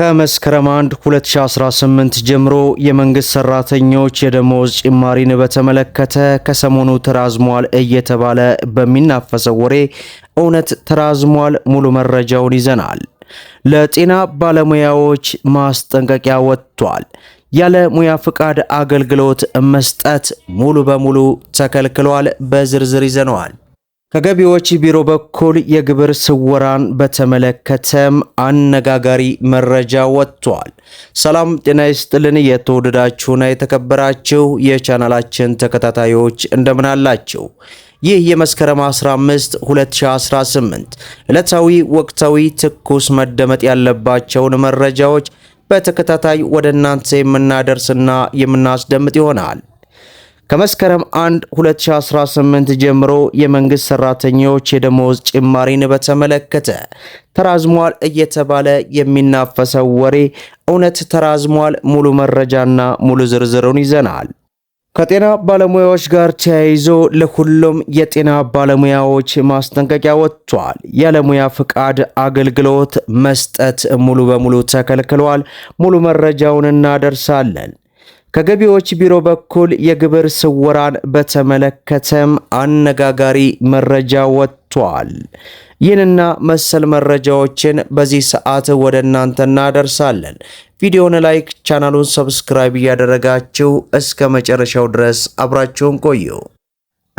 ከመስከረም 1 2018 ጀምሮ የመንግስት ሰራተኞች የደሞዝ ጭማሪን በተመለከተ ከሰሞኑ ተራዝሟል እየተባለ በሚናፈሰው ወሬ እውነት ተራዝሟል? ሙሉ መረጃውን ይዘናል። ለጤና ባለሙያዎች ማስጠንቀቂያ ወጥቷል። ያለ ሙያ ፍቃድ አገልግሎት መስጠት ሙሉ በሙሉ ተከልክሏል። በዝርዝር ይዘነዋል። ከገቢዎች ቢሮ በኩል የግብር ስወራን በተመለከተም አነጋጋሪ መረጃ ወጥቷል። ሰላም ጤና ይስጥልን። የተወደዳችሁና የተከበራችሁ የቻናላችን ተከታታዮች እንደምን አላችሁ? ይህ የመስከረም 15 2018 ዕለታዊ ወቅታዊ ትኩስ መደመጥ ያለባቸውን መረጃዎች በተከታታይ ወደ እናንተ የምናደርስና የምናስደምጥ ይሆናል። ከመስከረም 1 2018 ጀምሮ የመንግስት ሰራተኞች የደሞዝ ጭማሪን በተመለከተ ተራዝሟል እየተባለ የሚናፈሰው ወሬ እውነት ተራዝሟል? ሙሉ መረጃና ሙሉ ዝርዝሩን ይዘናል። ከጤና ባለሙያዎች ጋር ተያይዞ ለሁሉም የጤና ባለሙያዎች ማስጠንቀቂያ ወጥቷል። ያለሙያ ፍቃድ አገልግሎት መስጠት ሙሉ በሙሉ ተከልክሏል። ሙሉ መረጃውን እናደርሳለን። ከገቢዎች ቢሮ በኩል የግብር ስወራን በተመለከተም አነጋጋሪ መረጃ ወጥቷል። ይህንና መሰል መረጃዎችን በዚህ ሰዓት ወደ እናንተ እናደርሳለን። ቪዲዮውን ላይክ፣ ቻናሉን ሰብስክራይብ እያደረጋችሁ እስከ መጨረሻው ድረስ አብራችሁን ቆዩ።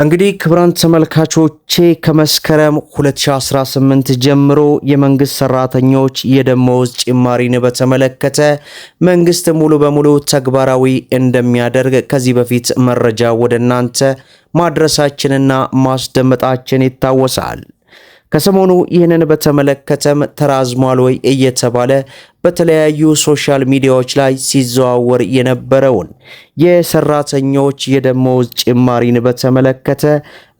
እንግዲህ ክብራን ተመልካቾቼ ከመስከረም 2018 ጀምሮ የመንግስት ሰራተኞች የደመወዝ ጭማሪን በተመለከተ መንግስት ሙሉ በሙሉ ተግባራዊ እንደሚያደርግ ከዚህ በፊት መረጃ ወደ እናንተ ማድረሳችንና ማስደመጣችን ይታወሳል። ከሰሞኑ ይህንን በተመለከተም ተራዝሟል ወይ እየተባለ በተለያዩ ሶሻል ሚዲያዎች ላይ ሲዘዋወር የነበረውን የሰራተኞች የደሞዝ ጭማሪን በተመለከተ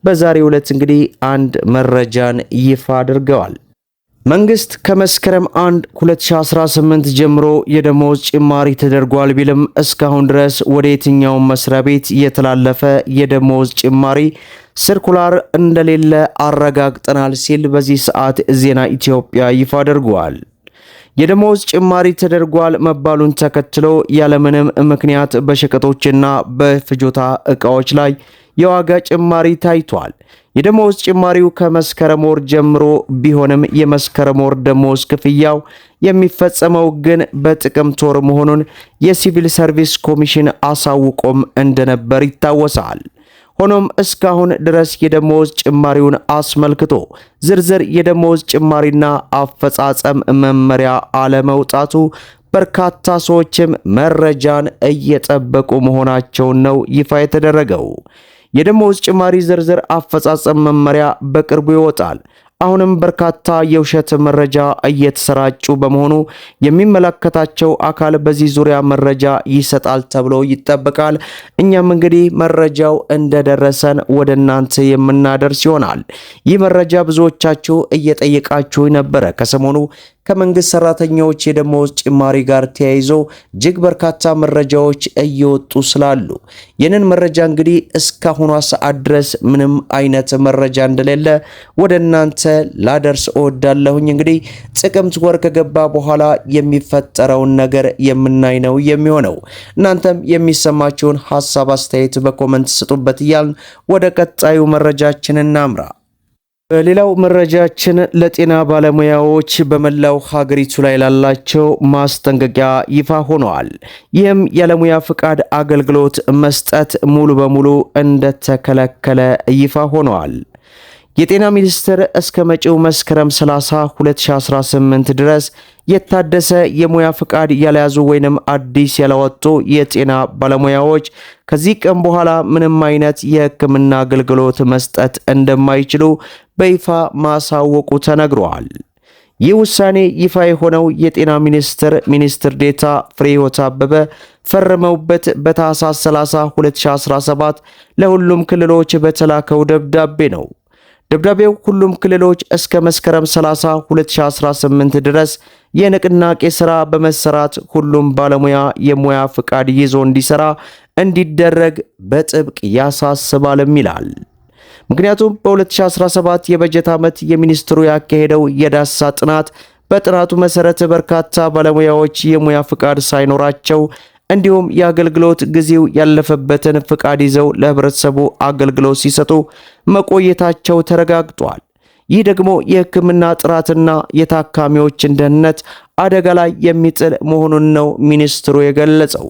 በዛሬ ዕለት እንግዲህ አንድ መረጃን ይፋ አድርገዋል። መንግስት ከመስከረም 1 2018 ጀምሮ የደሞዝ ጭማሪ ተደርጓል ቢልም እስካሁን ድረስ ወደ የትኛውም መስሪያ ቤት የተላለፈ የደሞዝ ጭማሪ ሰርኩላር እንደሌለ አረጋግጠናል ሲል በዚህ ሰዓት ዜና ኢትዮጵያ ይፋ አድርጓል። የደሞዝ ጭማሪ ተደርጓል መባሉን ተከትሎ ያለምንም ምክንያት በሸቀጦችና በፍጆታ ዕቃዎች ላይ የዋጋ ጭማሪ ታይቷል። የደሞዝ ጭማሪው ከመስከረም ወር ጀምሮ ቢሆንም የመስከረም ወር ደሞዝ ክፍያው የሚፈጸመው ግን በጥቅምት ወር መሆኑን የሲቪል ሰርቪስ ኮሚሽን አሳውቆም እንደነበር ይታወሳል። ሆኖም እስካሁን ድረስ የደሞዝ ጭማሪውን አስመልክቶ ዝርዝር የደሞዝ ጭማሪና አፈጻጸም መመሪያ አለመውጣቱ በርካታ ሰዎችም መረጃን እየጠበቁ መሆናቸውን ነው ይፋ የተደረገው። የደሞዝ ጭማሪ ዝርዝር አፈጻጸም መመሪያ በቅርቡ ይወጣል። አሁንም በርካታ የውሸት መረጃ እየተሰራጩ በመሆኑ የሚመለከታቸው አካል በዚህ ዙሪያ መረጃ ይሰጣል ተብሎ ይጠበቃል። እኛም እንግዲህ መረጃው እንደደረሰን ወደ እናንተ የምናደርስ ይሆናል። ይህ መረጃ ብዙዎቻችሁ እየጠየቃችሁ ነበረ። ከሰሞኑ ከመንግስት ሰራተኛዎች የደሞዝ ጭማሪ ጋር ተያይዞ እጅግ በርካታ መረጃዎች እየወጡ ስላሉ ይህንን መረጃ እንግዲህ እስካሁኗ ሰዓት ድረስ ምንም አይነት መረጃ እንደሌለ ወደ እናንተ ላደርስ እወዳለሁኝ። እንግዲህ ጥቅምት ወር ከገባ በኋላ የሚፈጠረውን ነገር የምናይ ነው የሚሆነው። እናንተም የሚሰማችሁን ሀሳብ አስተያየት በኮመንት ስጡበት እያልን ወደ ቀጣዩ መረጃችን እናምራ። ሌላው መረጃችን ለጤና ባለሙያዎች በመላው ሀገሪቱ ላይ ላላቸው ማስጠንቀቂያ ይፋ ሆነዋል። ይህም ያለሙያ ፍቃድ አገልግሎት መስጠት ሙሉ በሙሉ እንደተከለከለ ይፋ ሆነዋል። የጤና ሚኒስቴር እስከ መጪው መስከረም 30 2018 ድረስ የታደሰ የሙያ ፍቃድ ያልያዙ ወይንም አዲስ ያላወጡ የጤና ባለሙያዎች ከዚህ ቀን በኋላ ምንም አይነት የሕክምና አገልግሎት መስጠት እንደማይችሉ በይፋ ማሳወቁ ተነግሯል። ይህ ውሳኔ ይፋ የሆነው የጤና ሚኒስቴር ሚኒስትር ዴታ ፍሬሕይወት አበበ ፈርመውበት በታህሳስ 30 2017 ለሁሉም ክልሎች በተላከው ደብዳቤ ነው። ደብዳቤው ሁሉም ክልሎች እስከ መስከረም 30 2018 ድረስ የንቅናቄ ሥራ በመሰራት ሁሉም ባለሙያ የሙያ ፍቃድ ይዞ እንዲሰራ እንዲደረግ በጥብቅ ያሳስባልም ይላል። ምክንያቱም በ2017 የበጀት ዓመት የሚኒስትሩ ያካሄደው የዳሳ ጥናት በጥናቱ መሰረት በርካታ ባለሙያዎች የሙያ ፍቃድ ሳይኖራቸው እንዲሁም የአገልግሎት ጊዜው ያለፈበትን ፍቃድ ይዘው ለህብረተሰቡ አገልግሎት ሲሰጡ መቆየታቸው ተረጋግጧል። ይህ ደግሞ የህክምና ጥራትና የታካሚዎችን ደህንነት አደጋ ላይ የሚጥል መሆኑን ነው ሚኒስትሩ የገለጸው።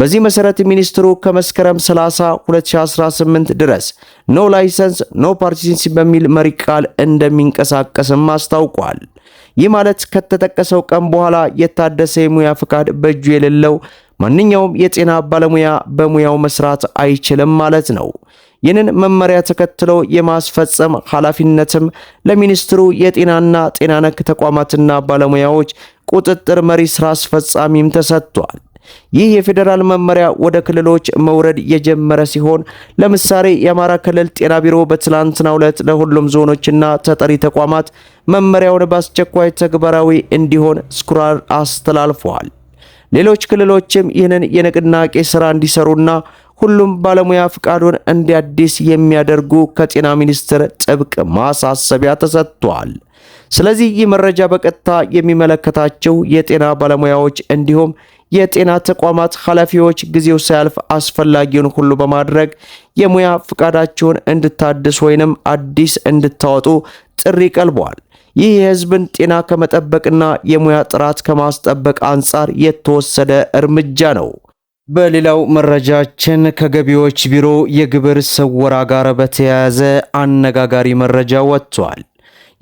በዚህ መሰረት ሚኒስትሩ ከመስከረም 30 2018 ድረስ ኖ ላይሰንስ ኖ ፓርቲሲንስ በሚል መሪ ቃል እንደሚንቀሳቀስም አስታውቋል። ይህ ማለት ከተጠቀሰው ቀን በኋላ የታደሰ የሙያ ፍቃድ በእጁ የሌለው ማንኛውም የጤና ባለሙያ በሙያው መስራት አይችልም ማለት ነው። ይህንን መመሪያ ተከትሎ የማስፈጸም ኃላፊነትም ለሚኒስትሩ የጤናና ጤና ነክ ተቋማትና ባለሙያዎች ቁጥጥር መሪ ስራ አስፈጻሚም ተሰጥቷል። ይህ የፌዴራል መመሪያ ወደ ክልሎች መውረድ የጀመረ ሲሆን ለምሳሌ የአማራ ክልል ጤና ቢሮ በትላንትናው ዕለት ለሁሉም ዞኖችና ተጠሪ ተቋማት መመሪያውን በአስቸኳይ ተግባራዊ እንዲሆን ስኩራር አስተላልፏል። ሌሎች ክልሎችም ይህንን የንቅናቄ ስራ እንዲሰሩና ሁሉም ባለሙያ ፍቃዱን እንዲያድስ የሚያደርጉ ከጤና ሚኒስቴር ጥብቅ ማሳሰቢያ ተሰጥቷል። ስለዚህ ይህ መረጃ በቀጥታ የሚመለከታቸው የጤና ባለሙያዎች እንዲሁም የጤና ተቋማት ኃላፊዎች ጊዜው ሳያልፍ አስፈላጊውን ሁሉ በማድረግ የሙያ ፍቃዳቸውን እንድታድስ ወይንም አዲስ እንድታወጡ ጥሪ ቀልቧል። ይህ የህዝብን ጤና ከመጠበቅና የሙያ ጥራት ከማስጠበቅ አንጻር የተወሰደ እርምጃ ነው። በሌላው መረጃችን ከገቢዎች ቢሮ የግብር ስወራ ጋር በተያያዘ አነጋጋሪ መረጃ ወጥቷል።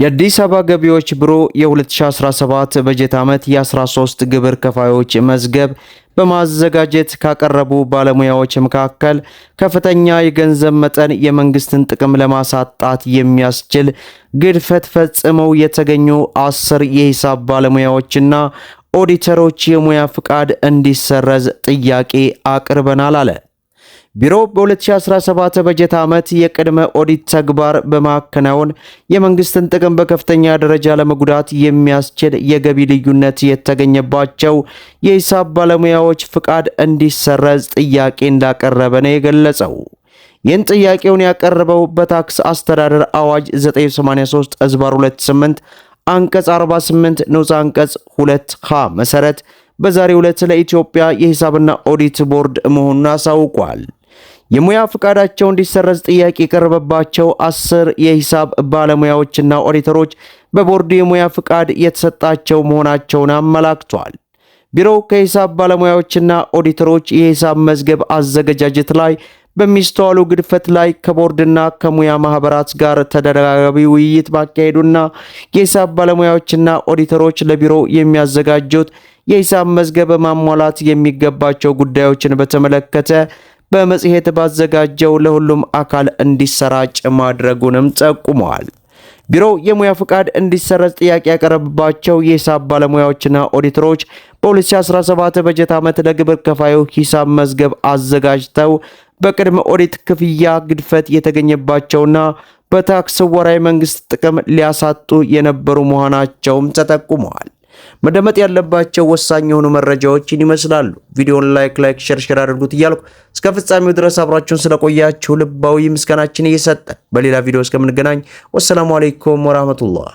የአዲስ አበባ ገቢዎች ቢሮ የ2017 በጀት ዓመት የ13 ግብር ከፋዮች መዝገብ በማዘጋጀት ካቀረቡ ባለሙያዎች መካከል ከፍተኛ የገንዘብ መጠን የመንግስትን ጥቅም ለማሳጣት የሚያስችል ግድፈት ፈጽመው የተገኙ አስር የሂሳብ ባለሙያዎችና ኦዲተሮች የሙያ ፍቃድ እንዲሰረዝ ጥያቄ አቅርበናል አለ። ቢሮው በ2017 በጀት ዓመት የቅድመ ኦዲት ተግባር በማከናወን የመንግስትን ጥቅም በከፍተኛ ደረጃ ለመጉዳት የሚያስችል የገቢ ልዩነት የተገኘባቸው የሂሳብ ባለሙያዎች ፍቃድ እንዲሰረዝ ጥያቄ እንዳቀረበ ነው የገለጸው። ይህን ጥያቄውን ያቀረበው በታክስ አስተዳደር አዋጅ 983 እዝባር 28 አንቀጽ 48 ንዑስ አንቀጽ 2 ሀ መሰረት በዛሬው ዕለት ለኢትዮጵያ የሂሳብና ኦዲት ቦርድ መሆኑን አሳውቋል። የሙያ ፍቃዳቸው እንዲሰረዝ ጥያቄ የቀረበባቸው አስር የሂሳብ ባለሙያዎችና ኦዲተሮች በቦርዱ የሙያ ፍቃድ የተሰጣቸው መሆናቸውን አመላክቷል። ቢሮው ከሂሳብ ባለሙያዎችና ኦዲተሮች የሂሳብ መዝገብ አዘገጃጀት ላይ በሚስተዋሉ ግድፈት ላይ ከቦርድና ከሙያ ማህበራት ጋር ተደራራቢ ውይይት ማካሄዱና የሂሳብ ባለሙያዎችና ኦዲተሮች ለቢሮው የሚያዘጋጁት የሂሳብ መዝገብ ማሟላት የሚገባቸው ጉዳዮችን በተመለከተ በመጽሔት ባዘጋጀው ለሁሉም አካል እንዲሰራጭ ማድረጉንም ጠቁመዋል። ቢሮው የሙያ ፍቃድ እንዲሰረዝ ጥያቄ ያቀረበባቸው የሂሳብ ባለሙያዎችና ኦዲተሮች በ2017 በጀት ዓመት ለግብር ከፋዩ ሂሳብ መዝገብ አዘጋጅተው በቅድመ ኦዲት ክፍያ ግድፈት የተገኘባቸውና በታክስ ወራዊ መንግስት ጥቅም ሊያሳጡ የነበሩ መሆናቸውም ተጠቁመዋል። መደመጥ ያለባቸው ወሳኝ የሆኑ መረጃዎችን ይመስላሉ። ቪዲዮን ላይክ ላይክ ሼር ሼር አድርጉት እያልኩ እስከ ፍጻሜው ድረስ አብራችሁን ስለቆያችሁ ልባዊ ምስጋናችን እየሰጠ በሌላ ቪዲዮ እስከምንገናኝ ወሰላሙ አለይኩም ወራህመቱላህ